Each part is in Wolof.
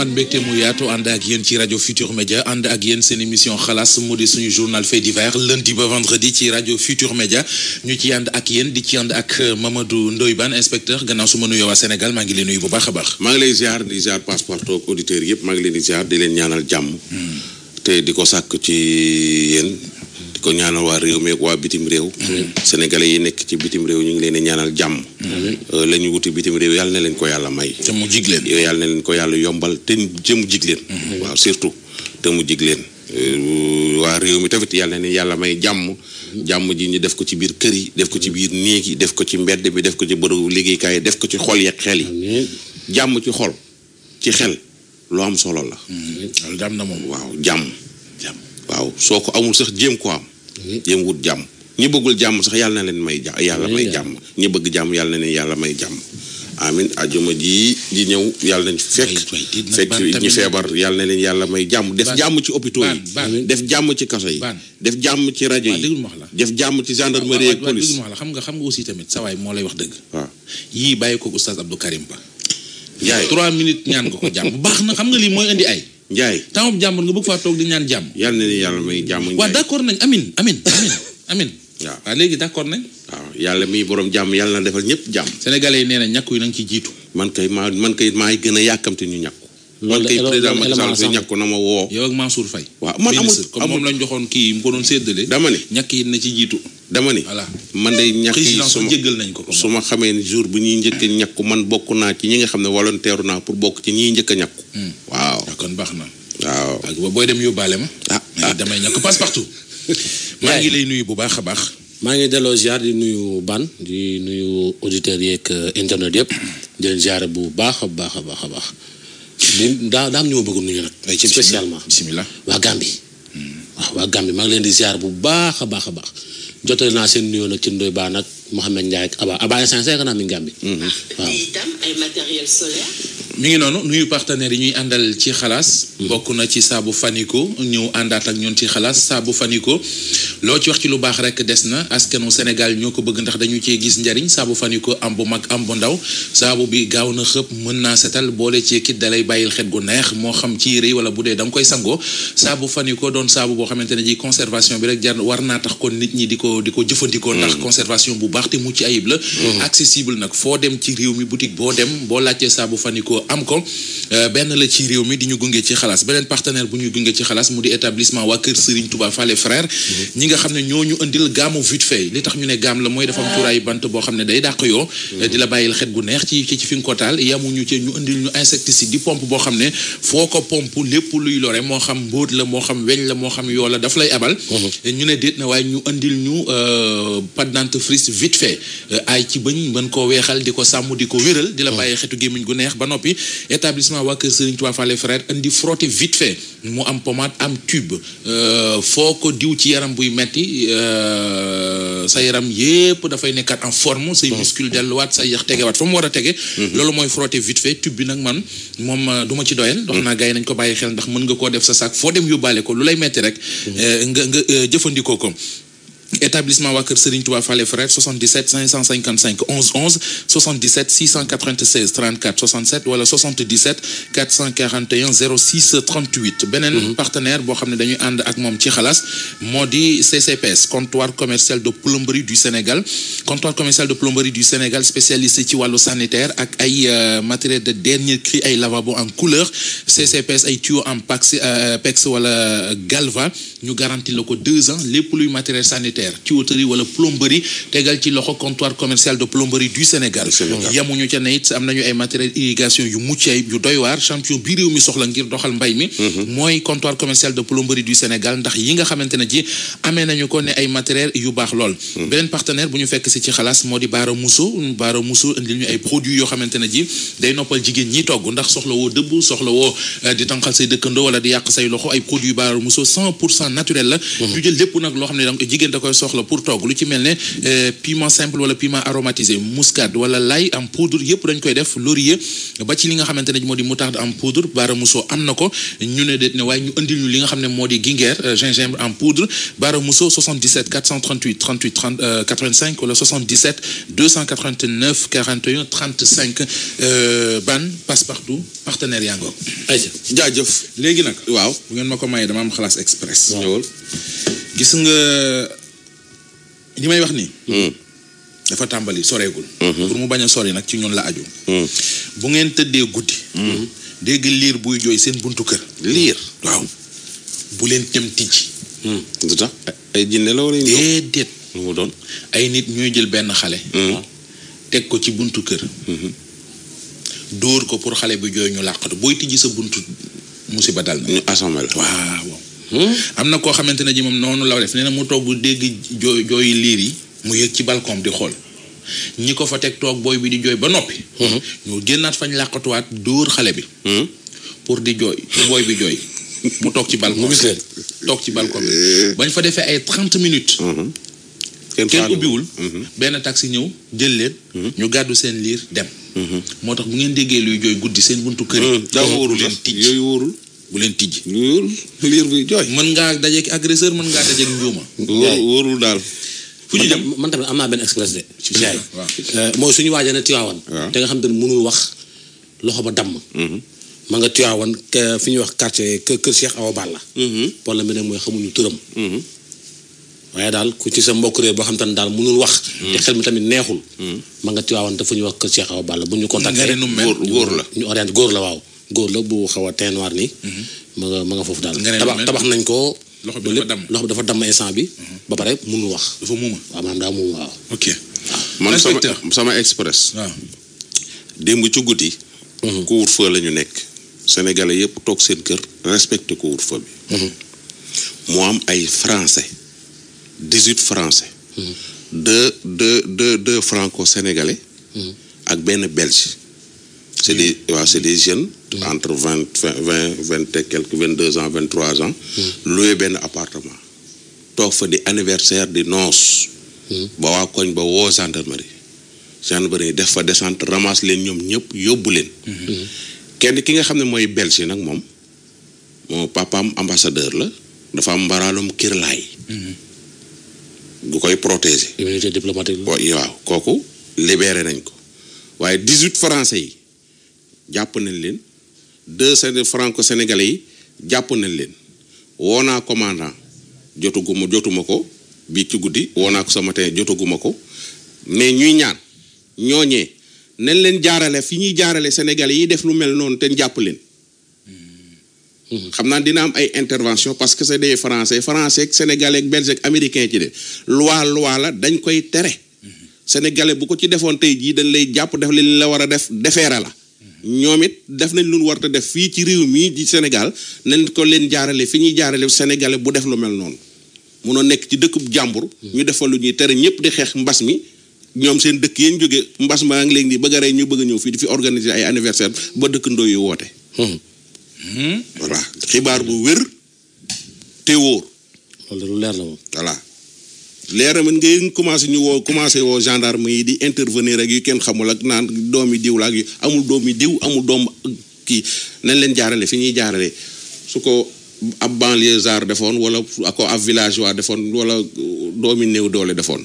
amaat mbégte Mouyato, yaatu ak ci Radio Futur Media and ak yéen seen émission Khalas mu suñu journal fait divers lundi ba vendredi ci Radio Futur Media ñu ci and ak yéen di ci and ak euh, Mamadou Ndoye inspecteur gannaaw su ma nuyoo Sénégal m'a ngi leen nuyu bu baax baax. ma ngi lay ziar di ziar passeport auditeur yépp ma ngi leen di ziar di leen ñaanal jamm hmm. te diko ko ci di ko ñaanal waa réew mi waa bitim réew sénégalais yi nekk ci bitim réew ñu ngi leen di ñaanal jàmm euh, la wuti bitim réew yàlla na leen ko yàlla may te mu jig leen yàlla na leen ko yàlla yombal te te mu jig leen mhm. waaw surtout te mu jig leen euh, waa réew mi tamit yàlla na yàlla may jàmm mhm. jàmm ji ñu def ko ci biir kër yi def ko ci biir néeg yi def ko ci mbedd bi def ko ci bërëbu liggéeykaay yi def ko ci xol yeeg xel yi jàmm ci xol ci xel loo am solo la. waaw mhm. na moom waaw jàmm. waaw soo ko amul sax jéem ko am. Hmm. yéen wut jàmm ñi bëggul jàmm sax yàlla na leen may jàmm yàlla may jàmm ñi bëgg jàmm yàlla na leen yàlla may jàmm amin ajuma ji di ñëw yàlla nañ fekk fekk ñi febar, yàlla na leen yàlla may jàmm def jàmm ci hôpitaux yi def jàmm ci kaso yi def jàmm ci rajo yi def jàmm ci gendarmerie ak police wax la xam nga xam nga aussi tamit sawaay moo lay wax dëgg waaw yii bàyyi ko oustaz abdou karim ba yaay trois minutes ñaan nga ko jàmm baax na xam nga lii mooy indi ay Ndiaye temps jàmbur nga bëgg faa toog di ñaan jàmm. yàlla na leen yàlla may jàmm. waaw d' accord nañ amin amin amin amin léegi d' accord nañ. waaw yàlla mi borom jàmm yàlla na defal ñëpp jàmm. sénégalais yi nee na ñàkku yi na nga ciy jiitu. man kay maa man kay maay gën a yàkkamti ñu ñàkku. man kay président Macky Sall fi ñàkku na ma woo. yow ak Mansour Faye. waaw man amul comme moom lañ joxoon kii mu ko doon séddale. dama ne ñàkk yi na ci jiitu. dama ni man day ñak yi suma jéggal nañ ko suma xamé ni jour bu ñuy ñëk ñak man bokku na ci ñi nga xamné volontaire na pour bokku ci ñi ñëk ñak hmm. waaw ah, kon baxna waaw ak boy dem yobale ma ah damay ah. ñak passe partout ma ngi lay nuyu bu baaxa baax ma ngi delo ziar di nuyu ban di nuyu auditeur yek euh, internet yep di ziar bu baaxa baaxa baaxa baax da da ñu bëgg nuyu nak spécialement bismillah wa gambi hmm. wa gambi ma ngi leen di ziar bu baaxa baaxa baax jotale naa seen nuyoo ci Ndoye Ba nag Mouhamed Ndiaye ak Aba Aba est sincère naa mi ngi mm-hmm. waaw mi ngi noonu nuyu partenaires yi ñuy àndal ci xalaas. Mm-hmm. bokk na ci saabu faniko ñëw àndaat ak ñun ci xalaas saabu faniko loo ci wax ci lu baax rek des na askanu Sénégal ñoo ko bëgg ndax dañu cee gis njariñ saabu faniko am bu mag am bu ndaw saabu bi gaaw na xëpp mën naa setal boole ci kit dalay bàyyil xet gu neex moo xam ci yére yi wala bu dee da nga koy sangoo saabu faniko doon saabu boo xamante ne ji conservation bi rek jar war naa tax kon nit ñi di ko di ko jëfandikoo. ndax mm-hmm. conservation bu baax te mucc ayib la. Mm-hmm. accessible nag foo dem ci réew mi boutique boo dem boo laajtee saabu faniko am ko euh, benn la ci réew mi di ñu gunge ci xalaas beneen partenaire bu ñuy gunge ci xalaas mu di établissement waa Kër Serigne Touba Fallé frère mm-hmm. ñi nga xam ne ñoo ñu indil gaamu vite fait li tax ñu ne gaam la mooy dafa am ah. tuuraayu boo xam ne day dàq yoo mm-hmm. di la bàyyil xet gu neex ci ci fi ko taal yamuñu ci ñu indil ñu insecticide di pompe boo xam ne foo ko pomp lépp luy lore moo xam mbóot la moo xam weñ la moo xam yoo la daf lay abal mm-hmm. ñu ne déet na waaye ñu indil ñu euh, pâte dentifrice vite fait euh, ay ci bëñ mën ko weexal di ko sàmm di ko wéral di la bàyyi xetu gémmiñ gu neex ba noppi établissement waa kër Serigne Touba Fallé frère andi frotté vite fait mu am pommade am tube euh foko diw ci yaram buy metti euh, sa yaram yépp da fay nekkaat en forme say muscule delluwaat say yax tegewaat fa mu war a tege mhm. loolu frotté vite fait tube bi nak man mom euh, du ci doyal dox mhm. na gay nañ ko bàyyi xel ndax mën nga ko def sa sac fo dem yobalé ko lulay metti rek mhm. euh, nga nga jëfandikoo ko établissement Waa Kër Serigne Touba 77 555 11 11 77 696 34 67 wala 77 441 06 38. Benen partenaire bo Daniel dañuy and ak mom ci CCPS comptoir commercial de plomberie du Sénégal comptoir commercial de plomberie du Sénégal spécialisé ci walu sanitaire ak ay euh, matériel de dernier cri ay lavabo en couleur CCPS ay tuyaux en pax euh, pex wala euh, galva ñu garanti la 2 deux ans les luy matériel sanitaire ministère tuyauterie wala plomberie tégal ci loxo comptoir commercial de plomberie du Sénégal yamuñu ci neet it am nañu ay matériel irrigation yu muccay yu doy waar champion bi réew mi soxla ngir doxal mbay mi moy mhm. comptoir commercial de plomberie du Sénégal ndax yi nga xamantene ne ji amee nañu ko ne ay matériel yu bax lol mhm. beneen partenaire buñu fekk ci ci xalaas modi baro Baara baro Baara Mousso ñu ay produits yo xamantene ne ji day noppal jigen ñi togg ndax soxla wo dëbb soxla wo eh, di tankal say dëkkandoo wala di yàq say loxo ay produits baro Mousso 100% naturel la mhm. ñu jël lépp nak lo xamné ne danga da koy sort soxla pour togg lu ci melne euh, piment simple wala piment aromatisé muscade wala lay en poudre yépp dañ koy def laurier ba ci li nga xamante ne moutarde en poudre baara muso am na ko ñu né déet ne waaye ñu andil ñu li nga xamné euh, gingembre en poudre baara muso 77 438 38 30 85 wala 77 289 41 35 ban passe partout partenaire yaa ngoog. ayca jaajëf léegi nag. waaw bu ngeen ma maye dama am express. gis nga. li may wax nii. Hmm. dafa tàmbali soreegul. Hmm. pour mu bañ a sori nag ci ñun la aju. Hmm. bu ngeen tëddee guddi. dégg liir buy jooy seen buntu kër. liir waaw. bu leen dem tijji. du tax ay jinne ay nit ñooy jël benn xale. teg ko ci buntu kër. dóor ko pour xale bi jooy ñu làqatu booy tijji sa buntu musiba dal na. ñu assommé la waaw. am na koo xamante ne ji moom noonu la def nee na mu togg dégg jooy jooyu liir yi mu yëg ci balcon di xool ñi ko fa teg toog booy bi di jooy ba noppi mhm. ñu génnaat fañ làqatuwaat dóor xale bi mhm. pour di jooy booy bi jooy toog ci balcon mu toog ci balcon bi bañ fa defee ay trente minutes mhm. kenn ubbiwul benn taxi ñëw jël leen ñu gàddu seen liir dem moo tax bu ngeen déggee luy jooy guddi seen buntu kër yi daa wóorul leen tij yooyu bu leen tijji. wóorul liir buy jooy. mën ngaa dajeeg agresseur mën ngaa dajeeg njuuma. wóorul daal. fu ñu dem man tamit am naa benn express de. jaay euh, mooy suñu waajal na Tiwaawan. te nga xam te ne mënul wax loxo ba damm. Mm-hmm. man nga Tiwaawan fi ñuy wax quartier kër Cheikh Awa Balla. Mm-hmm. problème bi nag mooy xamuñu turam. Mm-hmm. waaye dal, ku ci sa mbokk xam tan dal mënul wax te xel mi tamit neexul hmm. ma nga tiwaawan te fu wax kër Cheikh Awa Balla bu ñu contacté góor la ñu la waaw la bu xaw a teint ni hmm. ma nga ma nga foofu daal tabax tabax nañ ko loxo bi dafa dam loxo dafa dam instant bi hmm. ba pare wax dafa waaw waaw ok man sama sama express waaw ah. ci guddi couvre-feu la ñu nekk sénégalais yépp toog seen kër respecté bi am ay français 18 Français, mm 2 deux, deux, deux, deux Franco-Sénégalais mm ben Belge. C'est des, hmm. c'est des jeunes hmm. entre 20, 20, 20 et quelques, 22 ans, 23 ans, mm louer ben appartement. Tout fait des anniversaires, des noces. Bawa hmm. ko ñu ba wo gendarmerie gendarmerie def fa descente ramasse len ñom ñep yobul len kenn ki nga xamne moy belge nak mom mon papa am ambassadeur la dafa am baralum kirlay du koy protéger. immunité diplomatique waaw kooku libéré nañ ko waaye dix huit français yi jàpp nañ leen deux franco sénégalais yi jàpp nañ leen woo naa commandant jotuguma jotuma ko bii ci guddi woo naa ko sama matin jotaguma ko mais ñuy ñaan ñooñee nañ leen jaarale fi ñuy jaarale sénégalais yi def lu mel noonu te jàpp leen. Mhm. xam naa dina am ay intervention parce que c'est des français français sénégalais belge ak américain ci de loi loi la dañ koy tere mhm. sénégalais bu ko ci defoon tey jii dañ lay jàpp def li la war a def defeere la mhm. ñoom it def nañ lu ñu war a def fii ci réew mii di Sénégal nañ ko leen jaarale fi ñuy jaarale sénégalais bu def lu mel noonu munoo nekk ci dëkkub jàmbur ñu defal lu ñuy tere ñëpp di xeex mbas mi ñoom seen dëkk yéen jóge mbas maa ngi leen di bëgg a rey ñu bëgg a fii di fi organiser ay anniversaire ba dëkk ndóoyu woote Hmm? voilà xibaar bu wér te wóor. leer na moom. voilà leer na man ngay commencé ñu woo commencé woo gendarme yi di intervenir ak yu kenn xamul ak naan doomi diw la ak yu amul doomi diw amul doom kii nañ leen jaarale fi ñuy jaarale su ko ab banlieusard defoon wala ko ab villageois defoon wala doomi néew doole defoon.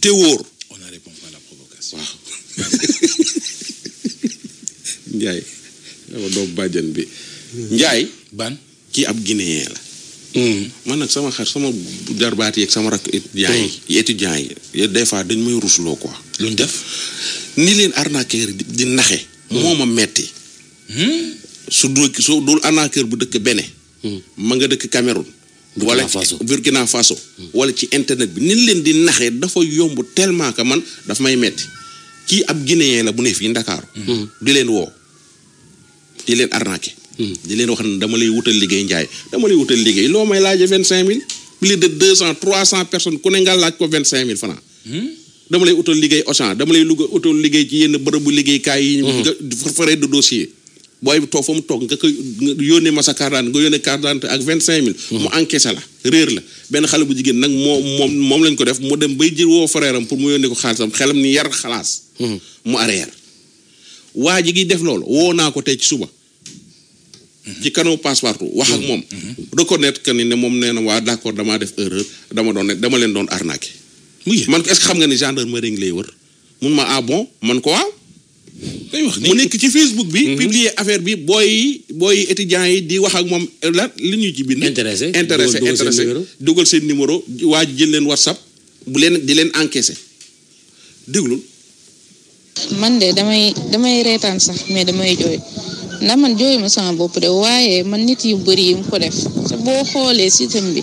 te wóor. on ne bàjjan bi. Ndiaye. ban kii ab guinéen la. Hmm. man nag sama xar sama jarbaat yeeg sama rakk hmm. étudiants yi étudiants dañ may rusloo ko luñ def ni leen arnaqueur di di naxe. Hmm. moo metti su dul su dul arnaqueur bu dëkk bene ma nga dëkk Cameroun. wala Burkina Faso wala ci internet bi nin leen di naxee dafa yomb tellement que man daf may metti kii ab guinéen la bu ne fii Ndakaaru hmm. di leen woo di leen arnaqué hmm. di leen wax ne dama lay wutal liggéey njaay dama lay wutal liggéey loo may laaje vingt cinq mille plus de deux cent trois cent personnes ku ne nga laaj ko vingt cinq mille francs hmm. dama lay utal liggéey Auchan dama lay luga utal liggéey ci yenn bërëbu liggéeykaay yi ñu frais de dossier booy toog fa mu toog nga koy yónnee ma sa carte nga yónnee carte d'identité ak vingt cinq mille mhm. mu encaissé la réer la benn xale bu jigéen nag moo moom moom lañ ko def mu dem bay jël woo frère am pour mu yónnee ko xaalisam xelam ni yar xalaas mhm. mu waa ji gi def loolu woo naa ko tey ci suba mhm. ci kanamu Passepartout wax ak moom reconnaître que ni ne moom nee na waa d'accord damaa def erreur dama doon dama leen doon arnaqué man ko est-ce que xam nga ni gendarmerie ngi lay wër mun ma ah man ko waaw kay wax mu nekk ci Facebook bi. Mhm. publier affaire bi booy booy étudiants yi di wax ak moom eh, la li ñu ci bind. intéressé intéressé intéressé dugal seen numéro waa jël leen WhatsApp bu leen di leen encaissé déglu. man de damay damay reetaan sax mais damay jooy ndax man jooy ma sama bopp de waaye man nit yu bëri yi mu ko def te boo xoolee système bi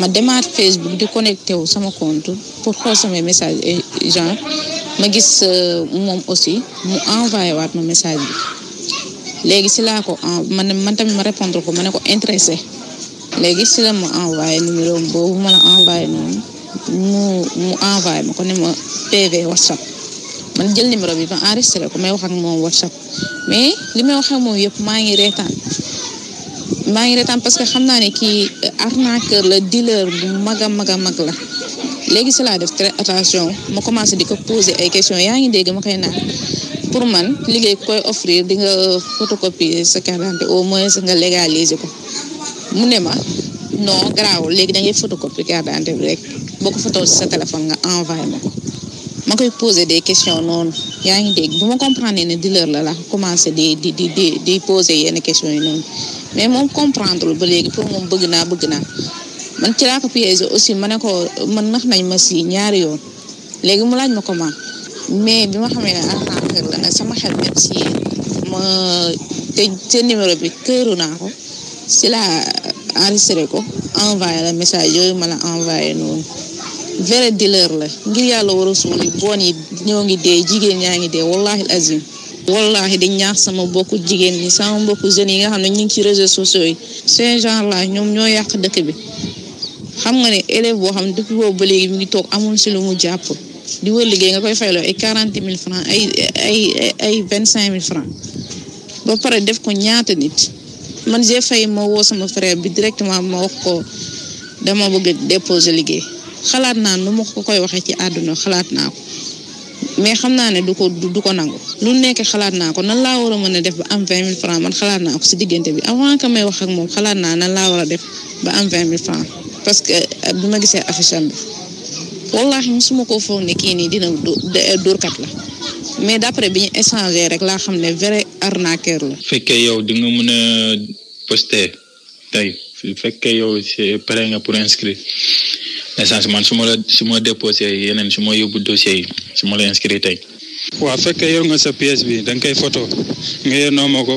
ma demaat Facebook di connecté wu sama compte pour xool sama message e genre ma gis euh, moom aussi mu envoyé waat ma message bi léegi si laa ko man man tamit ma répondre ko ma ne ko intéressé léegi si la ma envoyé numéro boobu ma la envoyé noonu mu mu envoyé ma ko ne ma PV WhatsApp man jël numéro bi ma enregistré ko may wax moom WhatsApp mais li may wax ak moom yëpp maa ngi reetaan maa ngi tam parce que xam naa ne kii euh, arnaqueur la dealer bu mag a mag a mag la léegi si def très attention ma commencé di ko poser ay questions yaa ngi dégg ma koy pour man liggéey koy offrir di nga euh, photocopier sa carte au moins nga légaliser ko mu ne ma non garaawul léegi da ngay photocopier carte d'identité bi rek boo ko photo si sa téléphone nga envoyé ma ma koy poser des questions noonu yaa ngi dégg bu ma comprendre ne dealer la la commencé di di di di poser yenn questions yi noonu. mais moom comprendre la ba léegi pour moom bëgg naa bëgg naa man ci laa ko piégé aussi ma ne ko man nax nañ ma si ñaari yoon léegi mu laaj ma comment mais bi ma xamee ne alhamdulilah sama xel dem si ma te numéro bi këru naa ko si laa enregistré ko envoyé la message yooyu ma la envoyé noonu vrai dealer la ngir yàlla war a suuli boon yi ñoo ngi dee jigéen ñaa ngi dee wallahi azim wallahi di ñaax sama mbokku jigéen ñi sama mbokku jeunes yi nga xam ne ñu ngi ci réseaux sociaux yi ces gens là ñoom ñoo yàq dëkk bi xam nga ne élève boo xam ne depuis boobu ba léegi mi ngi toog amul si lu mu jàpp di wër liggéey nga koy fayloo ay quarante mille francs ay ay ay vingt cinq mille francs ba pare def ko ñaata nit man j'ai fay ma woo sama frère bi directement ma wax ko dama bëgg déposé liggéey xalaat naa nu ma ko koy waxee ci àdduna xalaat naa ko mais xam naa ne du ko du ko nangu lu nekk xalaat naa ko nan laa war a mën a def ba am vingt mille franc man xalaat naa ko si diggante bi que may wax ak moom xalaat naa nan war a def ba am vingt mille franc parce que euh, bi ma gisee affiche am bi wallaahi mosuma koo foog ne kii nii dina euh, dóorkat la mais d'après bi ñu échangé rek laa xam ne vrai arnaqueur la. fekkee yow di nga mën a poster tey bu fekkee yow c'est nga pour inscrire. essence man su ma la su ma déposé yeneen su ma yóbbu dossier yi su ma la inscrit tey. waaw fekkee yor nga sa pièce bi da nga koy photo nga yónnoo ma ko.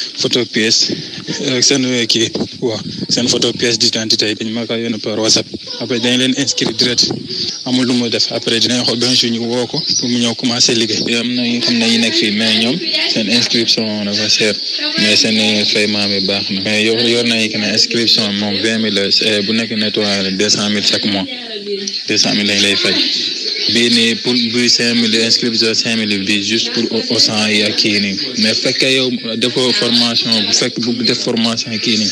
photo pièce euh, ak seen kii waaw seen photo pièce d'identité yi dañ ma ko yónni par whatsapp après dañ leen inscrire direct amul lu mu def après dinañ xool benn jour woo ko pour mu ñëw commencé liggéey. am na ñu xam ne ñu nekk fii mais ñoom seen inscription dafa cher mais seen paiement bi baax na mais yow yor nañu que ne inscription moom vingt mille bu nekk mille chaque mois deux cent mille lañ lay fay. bii nii pour bii cinq mille inscription cinq mille bi juste pour Auchan yi ak kii nii mais fekkee yow defoo formation bu fekk bu def formation kii nii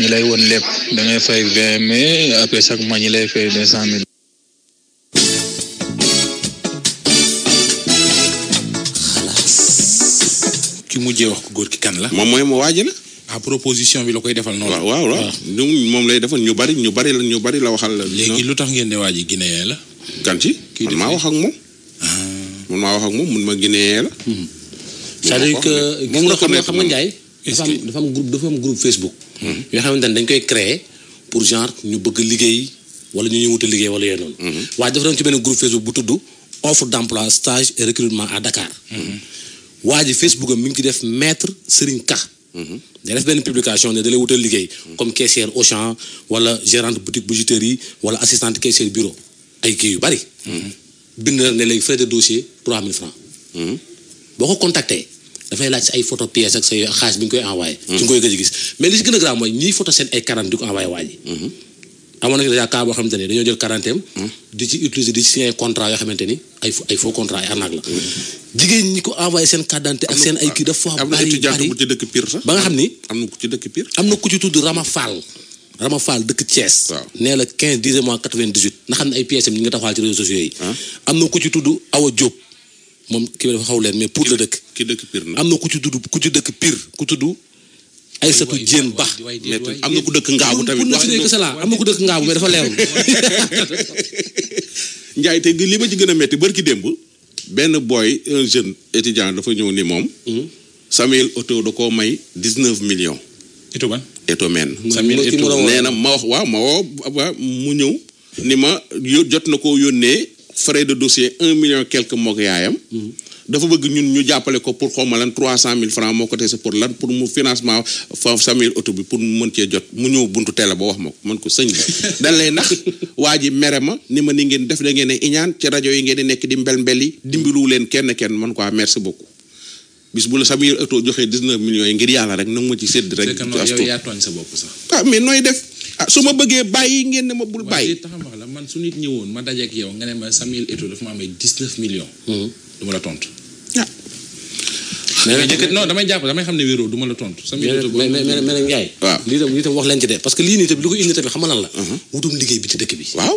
ñi lay woon lépp da ngay fay vingt mais après chaque mois ñi lay fay deux cent mille. xalaas. ki mujjee wax ko góor ki kan la. moom mooy mu waaj la. ah proposition bi la koy defal noonu. waaw waaw waaw ah. moom lay defal ñu bari ñu bari la ñu bari la waxal la. léegi lu tax ngeen de waa ji Guinéen la. kan ci. kii man maa wax ak moom. Ah. man maa wax ak moom mun ma Guinée la. Hmm. c'est-à-dire que gis nga xam nga xam nga Ndiaye. dafa am dafa am groupe dafa am groupe Facebook. Hmm. yoo xamante ne dañ koy créer pour genre ñu bëgg liggéey wala ñu ñu wut a liggéey wala yooyu noonu. Hmm. waaye dafa doon ci benn groupe Facebook bu tudd offre d'emploi stage et recrutement à Dakar. waa ji Facebook am mi ngi ci def maître Serigne Ka. day def benn publication ne da lay wutal liggéey. comme caissière Auchan wala gérante boutique bijouterie wala assistante caissière bureau. ay kii yu bari. bind na ne léegi frais de dossier 3000 francs boo ko contacté dafay laaj si ay photo pièce ak sa xaalis bi nga koy envoyé. su mm-hmm. nga koy gëj mais li si gën a grave mooy ñiy photo seen ay quarante di mm-hmm. boo xamante ni dañoo jël quarante am. Mm-hmm. di ci utiliser di ci signé contrat yoo xamante ni ay ay faux contrat ay arnaque la. jigéen ñi ko envoyé seen carte ak seen ay kii dafa. am na étudiant bu ci dëkk Pire ba nga xam ni. am na ku ci dëkk Pire. am na ku ci tudd Rama Rama Fall dëkk Thiès. waaw nee la 15 10 mois 98 na xam ne ay pièces ñi nga taxawal ci réseaux sociaux yi. Ah. am na ku ci tudd Awa Diop. moom kii dafa xaw leen mais pour la dëkk. ki dëkk Pire am na ku ci tudd ku ci dëkk Pire ku tudd. Aysatu Jéen Ba mais am na ku dëkk Ngaabu tamit. wax dëgg yàlla am na ku dëkk Ngaabu mais dafa leerul. Ndiaye tey li ma ci gën a métti bari ki démb. benn boy un jeune étudiant dafa ñëw ni moom. Mm-hmm. Samuel Oto da koo may 19 millions. ci tuban. Etomène. Samuel Etomène nee na ma wax waaw ma woo mu ñëw ni ma jot na ko yónnee frais de dossier un million quelque mook yaayam. Mm-hmm. dafa bëgg ñun ñu jàppale ko pour xaw ma lan trois cent mille francs moo ko tese pour lan pour mu financement fa Samuel oto bi pour mu mën cee jot mu ñëw buntu télé ba wax ma ko man ko sëñ bi dañ lay nax waa ji mere ma ni ma ni ngeen def na ngeen a iñaan ci rajo yi ngeen di nekk di mbel mbel yi dimbilu leen kenn kenn man quoi ah, merci beaucoup. bis bu la Samuel Eto'o joxee 19 millions yi ngir yàlla rek nangu ma ci sédd rek. yow yaa tooñ sa bopp sax. ah mais nooy def ah su ma bëggee bàyyi ngeen ne ma bul bàyyi. waaye la man su nit ñëwoon ma dajeeg yow nga ne ma Samuel Eto'o dafa ma amee 19 millions. Mhm. du ma la tontu. ah. mais jëkkat non damay jàpp damay xam ne wéroo du ma la tontu. Samuel Eto'o mais mais mais mais Ndiaye. waaw lii tam lii tam wax leen ci de parce que lii nii tamit lu ko indi tamit xam lan la. Mhm. wutum liggéey bi ci dëkk bi waaw.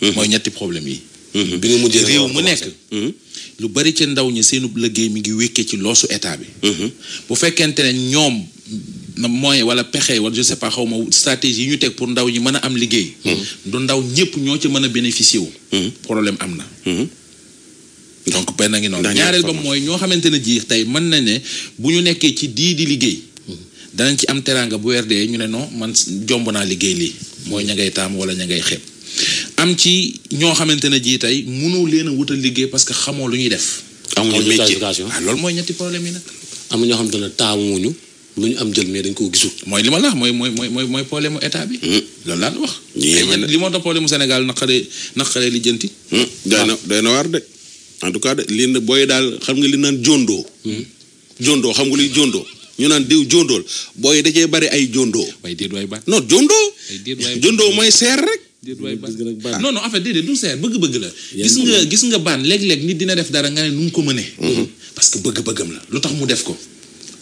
Mm-hmm. mooy ñetti problème yi. Mm-hmm. bi nga mujjee réew mu nekk. Mm-hmm. lu bari ci ndaw ñi seenub liggéey mi ngi wékkee ci loosu état bi. bu fekkente ne ñoom na moyen wala pexe wala je sais xaw ma stratégie yi ñu teg pour ndaw ñi mën a am liggéey. du ndaw ñëpp ñoo ci mën a bénéficier wu. problème am na. donc benn ngi noonu. ñaareel ba mooy ñoo xamante ne jiix tey mën na ne bu ñu nekkee ci dii di liggéey. danañ ci am teraanga bu weer dee ñu ne noo man jomb naa liggéey lii. mooy ña ngay wala ña ngay am ci ñoo xamante ne jii tey mënoo leen a wutal liggéey parce que xamoo lu ñuy def. amuñu métier ah, loolu mooy ñetti problème yi nag. am ñoo xamante ne taamuñu lu ñu am jël mais dañ koo gisul. mooy li ma la wax mooy mooy mooy mooy problème mu état bi. Hmm. loolu laa wax. li moo tax problème mu Sénégal naqaree naqaree lijjanti. Hmm. doy na doy na waar de en tout cas de booy daal xam nga li naan jondoo. Hmm. jondoo xam nga luy jondoo. ñu naan diw jondool booy dajee cee ay jondoo. waaye déedwaay ba non jondoo. jondoo mooy seer rek. non non en fait déedéet du seer bëgg-bëgg la gis nga gis nga baan léeg-léeg nit dina def dara nga ne nu mu ko mënee mm-hmm. parce que bëgg-bëggam la lu tax mu def ko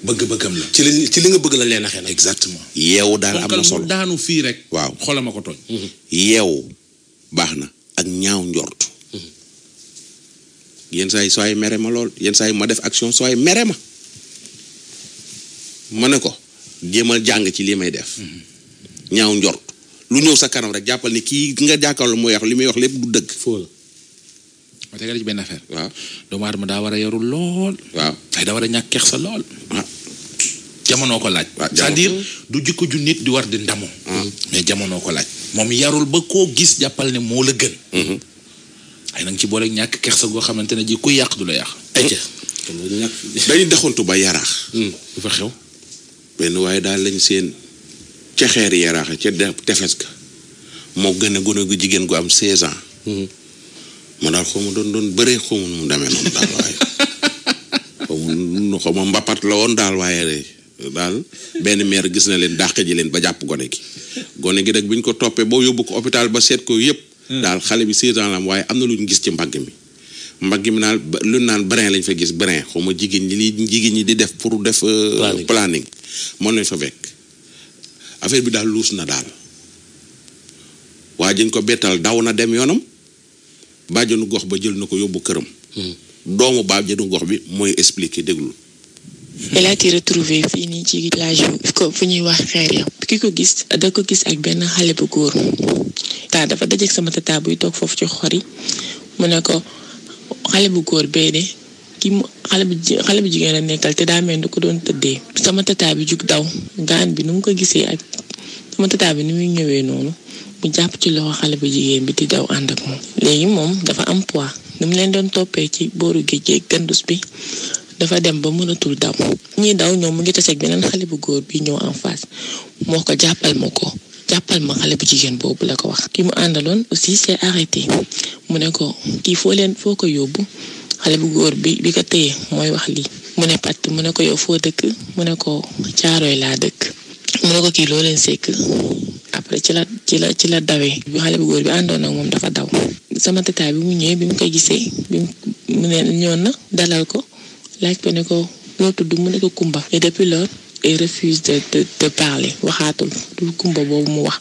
bëgg-bëggam la ci li ci li nga bëgg la leen axee nag exactement yeewu daal am na solo daanu fii rek waaw xolama ko tooñ mm-hmm. yeewu baax na ak ñaaw njort mm-hmm. yenn saa yi soo ay mere ma lool yenn saa yi ma def action soo ay mere ma ma ne ko jéem a jàng ci lii may def ñaaw njort lu ñëw sa kanam rek jàppal ni kii nga jàkkaarlu mooy wax li muy wax lépp du dëgg. fóol ma tegal ci benn affaire. waaw doomu aadama daa war a yarul lool. waaw waaye daa war a ñàkk kersa lool. Ah. jamono ko laaj. Ah, c'est-à-dire du jikko ju nit di war di ndamo. Ah. mais jamono ko laaj. moom yarul ba koo gis jàppal ne moo la gën. Mm-hmm. ay nang ci boole ñàkk kersa goo xamante ne ji ku yàq du la yàq. ayca eh, dañuy daxantu ba yaraax. dafa hmm. xew. benn waaye daal lañ seen. ca xeeri yaraaxa ca tefes ga moo gën a gone gu jigéen gu am 16 ans. Hmm. daal xaw ma doon doon bari xaw ma nu mbapat la woon daal waaye daal benn maire gis na leen dàq ji leen ba jàpp gone gi gone gi nag bi ñu ko toppee boo yóbbu ko hôpital ba seet ko yëpp. Hmm. daal xale bi 16 ans am waaye am na lu ñu gis ci mbagg mi. mbagg mi naan lu naan brin lañ fa gis brin xaw ma jigéen ñi li jigéen ñi di def pour def. Euh, planning planning mën nañ fa fekk. affaire bi daal luus na daal waa jañ ko bettal daw na dem yoonam bàjjenu gox ba jël na ko yóbbu këram hmm. doomu bàjjenu gox bi mooy expliquer déglu elle a été retrouvée fii nii ci plage ko fu ñuy wax xeer ya ki ko gis da ko gis ak benn xale bu góor taa dafa dajeek sama tata toog foofu ci xori mu ne ko xale bu góor bee de kii mu xale bi xale bi jigéen la nekkal te daa mel ni ko doon tëddee. sama tata bi jug daw gaan bi nu mu ko gisee ak sama tata bi ni muy ñëwee noonu mu jàpp ci loxo xale bi jigéen bi di daw ànd ak léegi moom dafa am poids ni leen doon toppee ci booru géej géej gandus bi dafa dem ba mënatul daw. ñii daw ñoom mu ngi taseeg beneen xale bu góor bi ñëw en face moo ko jàppal ma ko. jàppal ma xale bu jigéen boobu la ko wax. ki mu àndaloon aussi s'est arrêté mu ne ko kii foo leen foo ko yóbbu. xale bu góor bi bi ko téye mooy wax lii mu ne patt mu ne ko yow foo dëkk mu ne ko caaroy laa dëkk mu ne ko kii loo leen sekk après ci la ci la ci la dawee bi xale bu góor bi àndoon ak moom dafa daw sama tataay bi mu ñëwee bi mu ko gisee bi mu ne ñëw na dalal ko laaj ko ne ko loo tudd mu ne ko kumba et depuis lors il refuse de de de waxaatul du kumba boobu mu wax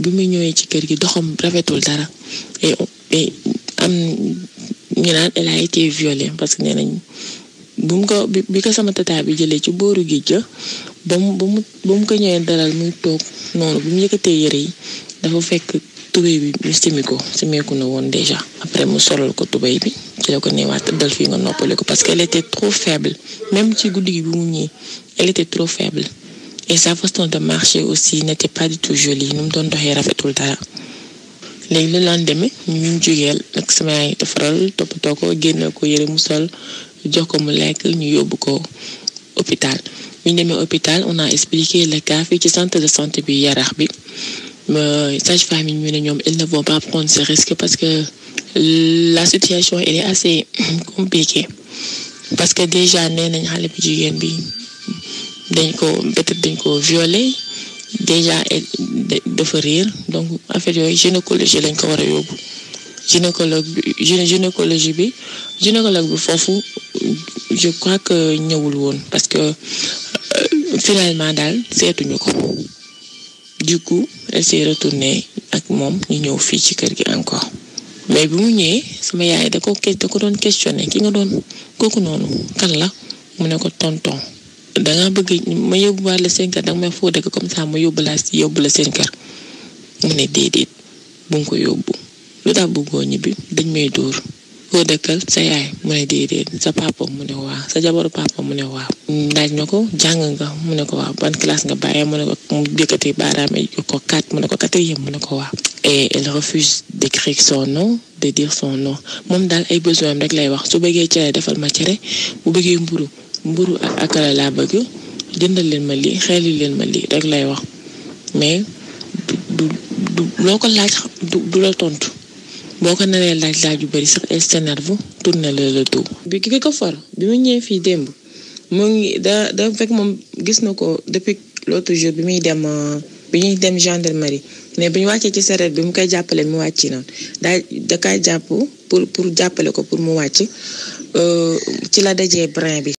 bi muy ñëwee ci kër gi doxam rafetul dara et am ñu naan été violée parce que nee nañ bu mu ko bi ko sama tata bi jëlee ci booru gi ga ba mu ba mu ba ko ñëwee dalal muy toog noonu bu mu yëkkatee yëre yi dafa fekk tubéy bi mu simi ko simeeku na woon déjà après mu solal ko tubéy bi ci la ko neewaat dal fii nga noppale ko parce que elle était trop faible même ci guddi gi bi mu ñëwee elle était trop faible. et sa façon de marcher aussi n'était pas du tout jolie nous sommes doon tout tout le temps. le lendemain nous ñu jógeel nag de yaay defaral toppatoo ko génne ko yëre mu sol jox ko lekk ñu yóbbu ko hôpital ñu demee hôpital on a expliqué le cas fii centre de santé bi yarax Mais sage-femme ñu ils ne vont pas prendre ce risque parce que la situation elle est assez compliquée parce que déjà nous avons xale bu jigéen bi dañ ko peut-être dañ ko violé déjà dafa réer donc affaire yooyu gynécologie lañ ko war a yóbbu gynécologue bi gynécologie bi gynécologue bi foofu je crois que ñëwul woon parce que euh, finalement daal seetuñu ko du coup elle s'est retournée ak moom ñu ñëw fii ci kër gi encore mais bi mu ñëwee sama yaay da ko da ko doon questionné ki nga doon kooku noonu kan la mu ne ko tonton da nga bëgg ma yóbbu la seen kër danga may foo dëkk comme ça ma yóbbu la seen kër mu ne déedéet bu nga ko yóbbu lu tax bëggoo ñibbi dañ may dóor foo dëkkal sa yaay mu ne déedéet sa papa mu ne waaw sa jabaru papa mu ne waaw. laaj na ko jàng nga mu ne ko waaw ban classe nga bàyyee mu ne ko mu yëkkati baaraam ko quatre mu ne ko quatrième mu ne ko waaw. et elle refuse d'écrire son nom de son nom moom daal ay besoin rek lay wax su bëggee cere defal ma cere bu bëggee mburu ak akara laa bëgg jëndal leen ma lii xeeli leen ma lii rek lay wax mais du du loo ko laaj du la tontu boo ko naree laaj laaj yu bari sax estenarve tourné la le tout. bi ki ko for bi mu ñëwee fii démb mu ngi da da fekk moom gis na ko depuis l'autre jour bi muy dem euh, bi ñuy dem gendarmerie mais bi ñu wàccee ci sareet bi mu koy jàppale mu wàcc noonu daa da kaa jàpp pour pour jàppale ko pour mu wàcc euh, ci la dajee brin bi.